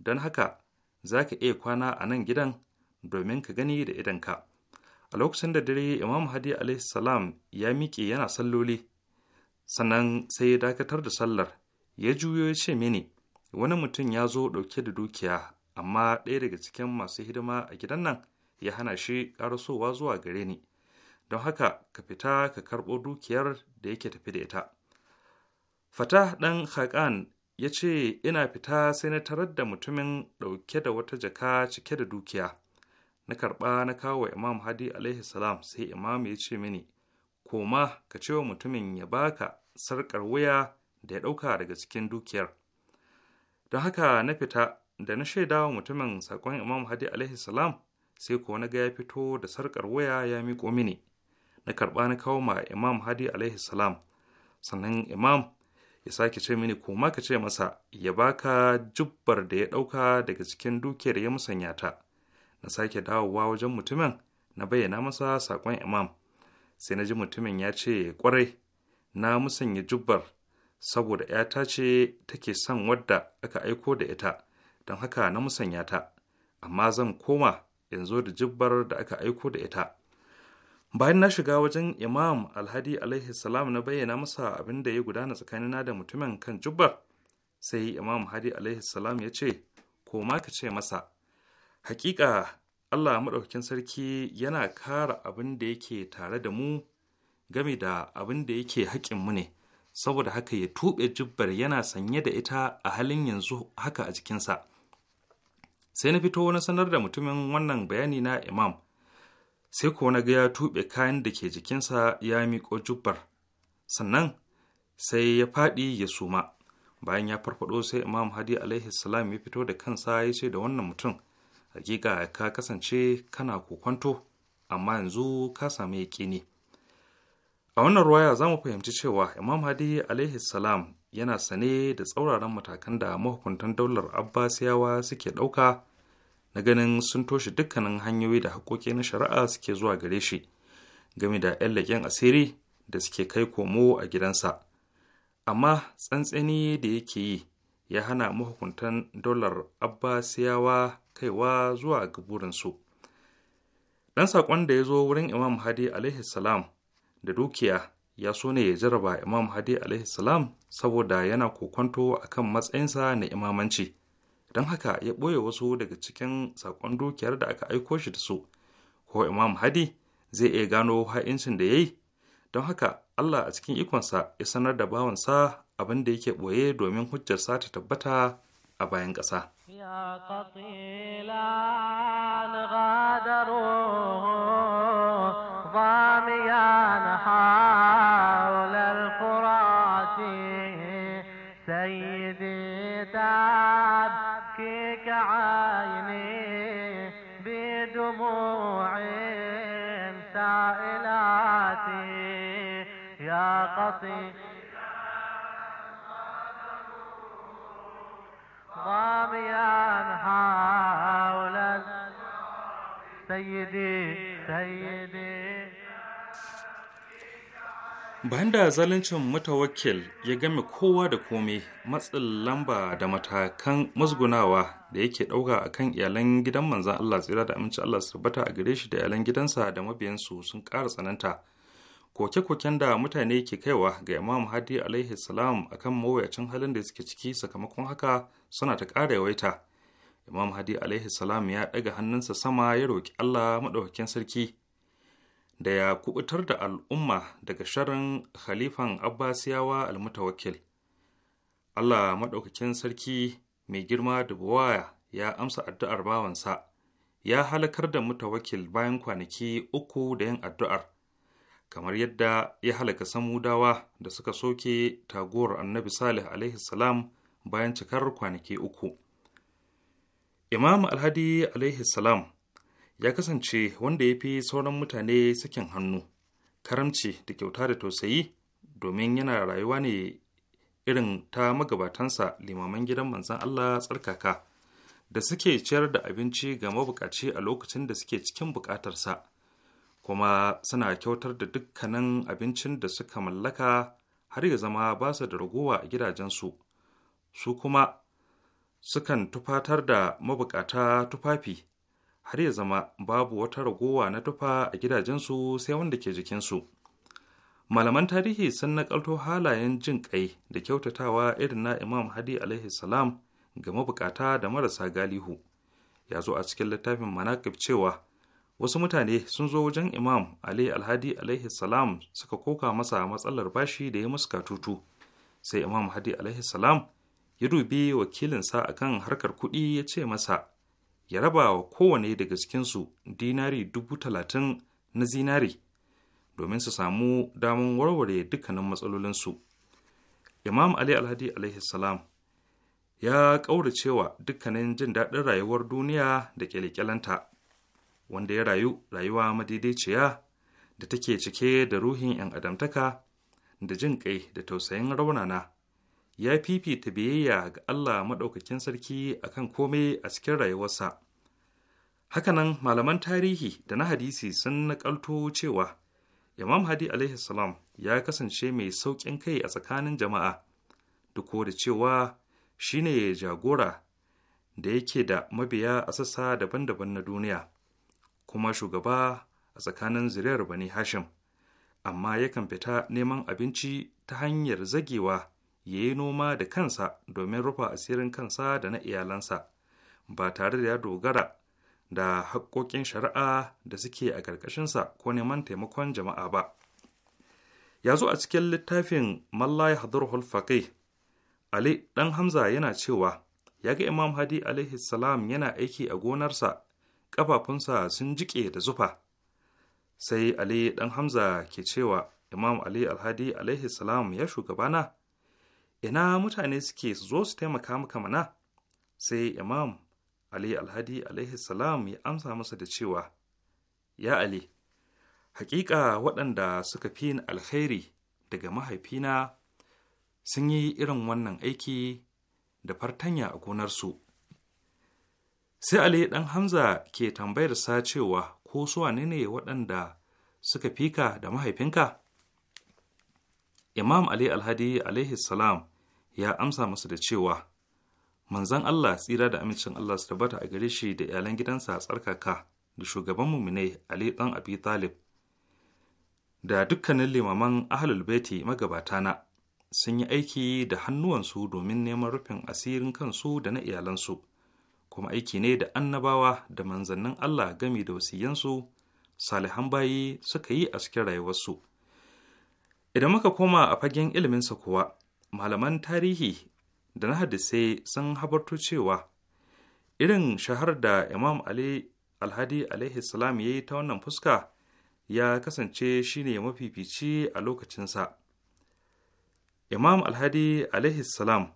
don haka za ka iya kwana a nan gidan domin ka gani da idanka a lokacin da dare imam hadi alaihi salam ya miƙe yana salloli sannan sai ya dakatar da sallar ya juyo ya ce mini wani mutum ya zo ɗauke da dukiya amma ɗaya daga cikin masu hidima a gidan nan ya hana shi ƙarasowa zuwa gare ni don haka ka fita ka karɓo dukiyar da yake tafi da ita fata ɗan haƙan ya ce ina fita sai na tarar da mutumin ɗauke da wata jaka cike da dukiya na karɓa na kawo imam hadi alaihi salam sai imam ya ce mini koma ka ce wa mutumin ya baka sarƙar wuya da ya ɗauka daga cikin dukiyar don haka na fita da na shaida wa mutumin saƙon imam hadi alaihi salam sai ko na ga ya fito da sarƙar waya ya miƙo mini na karɓa na kawo ma imam hadi alaihi salam sannan imam ya sake ce mini koma ka ce masa ya baka jubbar da ya ɗauka daga cikin dukiyar ya musanya ta na sake dawowa wajen mutumin na bayyana masa sakon imam sai na ji mutumin ya ce kwarai na musanya jubbar saboda ta ce take son wadda aka aiko da ita don haka na musanya ta amma zan koma yanzu da jubbar da aka aiko da ita bayan na shiga wajen imam alhadi alaihi salam na bayyana masa abin da ya gudana tsakanina da mutumin kan jubbar sai imam hadi alaihi salam ya ce koma ka ce masa hakika allah maɗaukakin sarki yana kara abin da yake tare da mu game da abin da yake mu ne saboda haka ya tuɓe jubbar yana sanye da ita a halin yanzu haka a jikinsa sai na fito na sanar da mutumin wannan bayani na imam sai ko na ga ya tuɓe kayan da ke jikinsa ya miƙo jubbar sannan sai ya faɗi ya suma bayan ya farfaɗo sai imam hadi alaihi salam ya fito da kansa ya ce da wannan mutum hakika ka kasance kana kokwanto amma yanzu ka sami ne. a wannan ruwaya za mu fahimci cewa imam hadi alaihi salam yana sane da tsauraran matakan da mahukuntan daular abbasiyawa suke ɗauka na ganin sun toshe dukkanin hanyoyi da haƙoƙi na shari'a suke zuwa gare shi game da 'yan leƙen asiri da suke kai komo a gidansa amma tsantseni da yake yi ya hana mahukuntan dolar abbasiyawa kaiwa zuwa ga burinsu ɗan saƙon da ya zo wurin imam hadi alaihi salam da dukiya ya so ne ya jarraba imam hadi alaihi salam saboda yana kokonto kan matsayinsa na imamanci don haka ya ɓoye wasu daga cikin saƙon dukiyar da aka aiko shi da su ko imam hadi zai iya gano ha'incin da ya yi don haka allah a cikin ikonsa ya sanar da bawansa abin da yake ɓoye domin hujjarsa ta tabbata a bayan ƙasa. قطيع bayan da zaluncin mutawakkil ya game kowa da komai matsin lamba da matakan musgunawa da yake ɗauka a kan iyalan gidan manzan Allah tsira da aminci Allah su tabbata a gare shi da iyalan gidansa da mabiyansu sun ƙara tsananta koke-koken da mutane ke kaiwa ga imam hadi alaihi salam akan mawuyacin halin da suke ciki sakamakon haka suna ta ƙara yawaita imam hadi alaihi salam ya ɗaga hannunsa sama ya roki Allah maɗaukakin sarki da ya kubutar da al'umma daga sharin khalifan abbasiyawa almutawakil allah maɗaukakin sarki mai girma da buwaya ya amsa addu'ar bawansa ya halakar da mutawakil bayan kwanaki uku da yin addu'ar kamar yadda ya halaka samudawa da suka soke taguwar annabi salih alaihi salam bayan cikar kwanaki uku imam alhadi alaihi salam ya kasance wanda ya fi sauran mutane sakin hannu karamci da kyauta da tausayi domin yana rayuwa ne irin ta magabatansa limaman gidan manzan Allah tsarkaka da suke ciyar da abinci ga mabukaci a lokacin da suke cikin bukatarsa kuma suna kyautar da dukkanin abincin da suka mallaka har ya zama ba su da ragowa a gidajensu su kuma sukan tufatar da mabukata tufafi har ya zama babu wata ragowa na tufa a gidajensu sai wanda ke jikinsu malaman tarihi sun nakalto halayen jin ƙai da kyautatawa irin na imam hadi alaihi salam ga mabukata da marasa galihu ya zo a cikin littafin manakib cewa wasu mutane sun zo wajen imam ali alhadi alaihi salam suka koka masa matsalar bashi da ya musu katutu sai imam hadi alaihi salam ya dubi wakilinsa akan harkar kuɗi ya ce masa ya raba wa kowane daga cikinsu dinari dubu talatin na zinari domin su samu damar warware dukkanin matsalolinsu imam ali alhadi alaihi salam ya ƙauracewa dukkanin jin daɗin rayuwar duniya da ƙyalƙyalanta wanda ya rayu rayuwa madaidaiciya da take cike da ruhin 'yan adamtaka da jin ƙai da tausayin raunana ya fifita biyayya ga Allah maɗaukakin sarki akan komai a cikin rayuwarsa. Hakanan malaman tarihi da na hadisi sun naƙalto cewa Imam Hadi alaihi salam ya kasance mai sauƙin kai a tsakanin jama'a, duk da cewa shi ne jagora da yake da mabiya a sassa daban-daban na duniya, kuma shugaba a tsakanin zuriyar Bani Hashim, amma yakan fita neman abinci ta hanyar zagewa ya yi noma da kansa domin rufa asirin kansa da na iyalansa ba tare da ya dogara da haƙƙoƙin shari'a da suke a ƙarƙashinsa ko neman taimakon jama'a ba ya zo a cikin littafin mallai hadurhul faqih ali ɗan hamza yana cewa ya ga imam hadi alaihi salam yana aiki a gonarsa ƙafafunsa sun jiƙe da zufa sai ali ɗan hamza ke cewa imam ali alhadi alaihi salam ya shugabana ina mutane suke su zo su taimaka maka mana sai imam ali alhadi alaihi salam ya amsa masa da cewa ya ali hakika waɗanda suka fi ni alkhairi daga mahaifina sun yi irin wannan aiki da fartanya a gonarsu sai ali ɗan hamza ke tambayar sa cewa ko su wane ne waɗanda suka fika da mahaifinka imam ali alhadi alaihi salam ya amsa masa da cewa manzan Allah tsira da amincin Allah su tabbata a gare shi da iyalan gidansa a tsarkaka da shugaban muminai Ali dan Abi Talib da dukkanin limaman ahlul baiti na sun yi aiki da hannuwansu domin neman rufin asirin kansu da na iyalansu kuma aiki ne da annabawa da manzannin Allah gami da wasiyansu salihan bayi suka yi a cikin rayuwarsu idan muka koma a fagen iliminsa kuwa malaman tarihi da na hadisai sun habarto cewa irin shahar da imam ali alhadi alaihi salam ya yi ta wannan fuska ya kasance shine mafifici a lokacinsa imam alhadi alaihi salam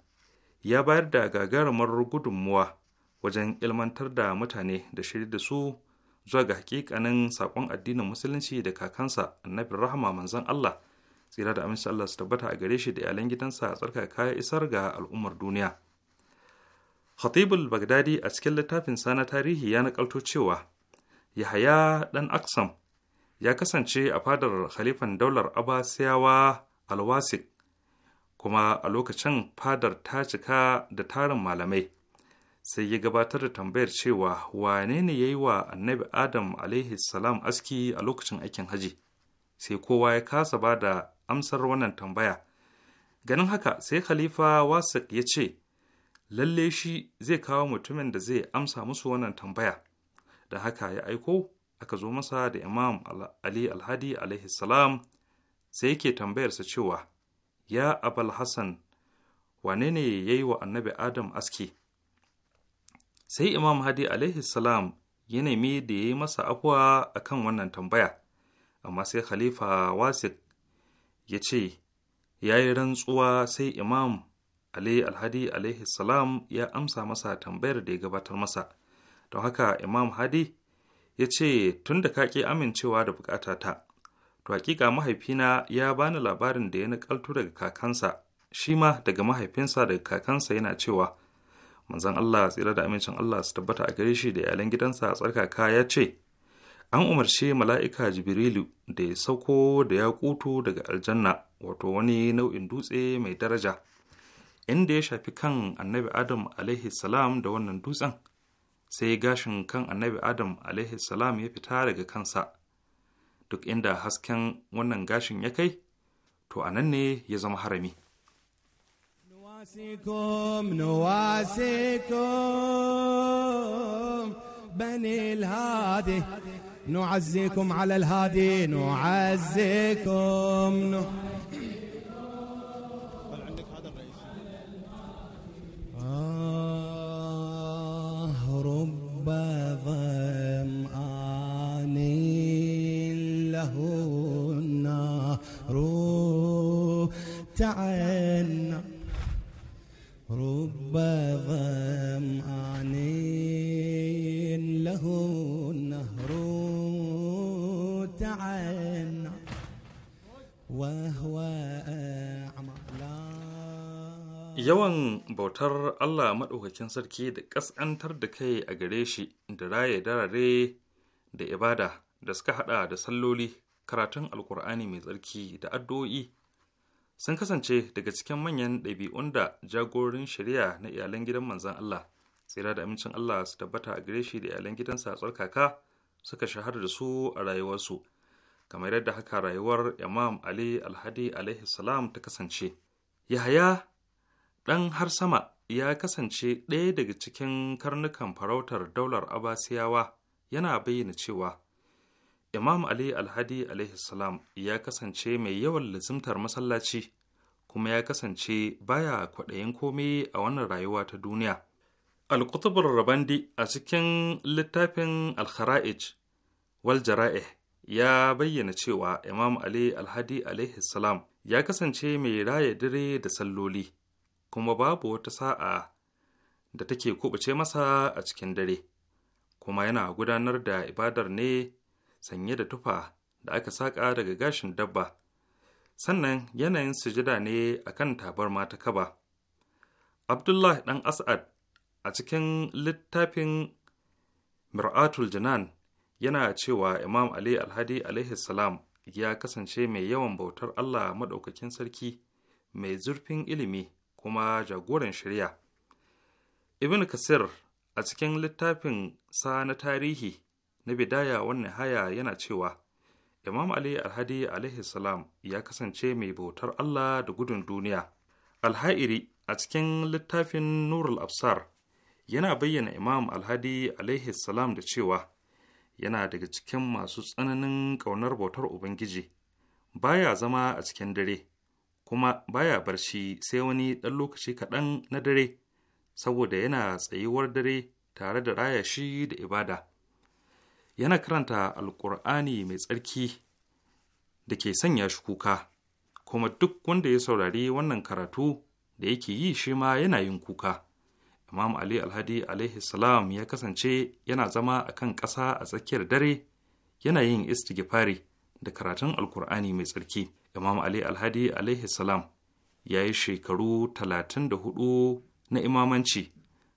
ya bayar da gagarumar gudunmuwa wajen ilmantar da mutane da shirya da su zuwa ga hakikanin saƙon addinin musulunci da kakansa Annabi, rahama manzon allah tsira da amince Allah su tabbata a gare shi da iyalan gidansa a tsarka kaya isar ga al'ummar duniya khatibul bagdadi a cikin littafin sana tarihi ya nakalto cewa yahaya dan aksam ya kasance a fadar khalifan daular Abbasiyawa alwasik kuma a lokacin fadar ta cika da tarin malamai sai ya gabatar da tambayar cewa wane ne ya yi wa annabi adam alayhis salam aski a lokacin aikin haji sai kowa ya kasa ba da amsar wannan tambaya ganin haka sai khalifa wasik ya ce lalle shi zai kawo mutumin da zai amsa musu wannan tambaya da haka ya aiko aka zo masa da imam ali alhadi alaihi sai yake tambayarsa cewa ya abal hassan wane ne ya yi wa annabi adam aski sai imam hadi alaihi salam ya nemi da ya yi masa afuwa akan wannan tambaya amma sai khalifa wasit ya ce ya yi rantsuwa sai imam ali alhadi alaihi salam ya amsa masa tambayar da ya gabatar masa don haka imam hadi ya ce tun da ka amincewa da bukatata to hakika mahaifina ya bani labarin da ya nakaltu daga kakansa shi ma daga mahaifinsa daga kakansa yana cewa manzan Allah tsira da amincin Allah su tabbata a gare shi da iyalan gidansa a tsarkaka ya ce an umarci mala'ika jibrilu da ya sauko da ya kutu daga aljanna wato wani nau'in dutse mai daraja inda ya shafi kan annabi adam salam da wannan dutsen sai gashin kan annabi adam salam ya fita daga kansa duk inda hasken wannan gashin ya kai to a nan ne ya zama harami نعزيكم على الهادي نعزيكم عندك هذا الرئيس آه رب ظمآن له النار تعن رب ظمآن له النهر عنا وهو أعمى Yawan bautar Allah maɗaukakin sarki da ƙasƙantar da kai a gare shi da raye darare da ibada da suka haɗa da salloli, karatun alkur'ani mai tsarki da addu'o'i sun kasance daga cikin manyan ɗabi'un da jagorin shari'a na iyalan gidan manzan Allah tsira da amincin Allah su tabbata a gare shi da iyalan gidansa tsarkaka suka shahara da su a rayuwarsu kamar yadda haka rayuwar imam ali alhadi alaihi salam ta kasance yahaya ɗan har sama ya kasance ɗaya daga cikin karnukan farautar daular abasiyawa yana bayyana cewa imam ali alhadi alaihi salam ya kasance mai yawan lazimtar masallaci kuma ya kasance baya kwaɗayin komai a wannan rayuwa ta duniya alkutubar rabandi a cikin littafin alkhara'ij wal jara'ih ya bayyana cewa Imam Ali Alhadi alaihi salam ya kasance mai raya dare da salloli, kuma babu wata sa'a da take kubuce masa a cikin dare, kuma yana gudanar da ibadar ne sanye da tufa da aka saƙa daga gashin dabba, sannan yanayin sujada ne a kan tabarma ta kaba. abdullah ɗan As'ad a cikin littafin Mir'atul Janan yana cewa imam ali alhadi alaihi salam ya kasance mai yawan bautar allah maɗaukakin sarki mai zurfin ilimi kuma jagoran shari'a. ibn kasir a cikin littafin sa na tarihi na bidaya wannan haya yana cewa imam ali alhadi alaihi salam ya kasance mai bautar allah da gudun duniya alha'iri a cikin littafin nurul absar yana bayyana imam alhadi alaihi salam da cewa yana daga cikin masu tsananin ƙaunar bautar Ubangiji, baya zama a cikin dare, kuma baya barci sai wani ɗan lokaci kaɗan na dare, saboda yana tsayuwar dare tare da raya shi da ibada. Yana karanta Alƙur'ani mai tsarki da ke sanya shi kuka, kuma duk wanda ya saurari wannan karatu da yake yi shi ma yana yin kuka. imam ali alhadi alaihi salam ya kasance yana zama a kan ƙasa a tsakiyar dare yana yin istighfari da karatun alkur'ani mai tsarki imam ali alhadi alaihi salam ya yi shekaru talatin da hudu na imamanci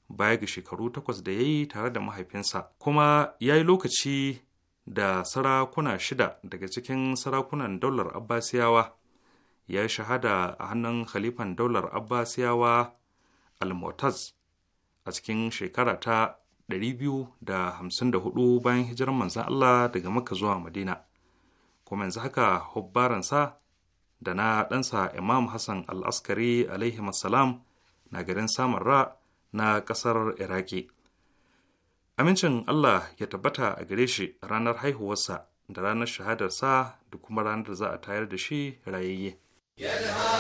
baya ga shekaru takwas da ya yi tare da mahaifinsa kuma ya yi lokaci da sarakuna shida daga cikin sarakunan daular abbasiyawa ya yi shahada a hannun khalifan daular abbasiyawa al-mu'taz a cikin shekara ta 254 bayan hijirar manzan Allah daga Makka zuwa Madina. Kuma yanzu haka hubbaransa da na ɗansa Imam Hassan al-Askari alaihi na garin Samarra na ƙasar Iraki. Amincin Allah ya tabbata a gare shi ranar haihuwarsa da ranar shahadarsa da kuma ranar da za a tayar da shi rayayye.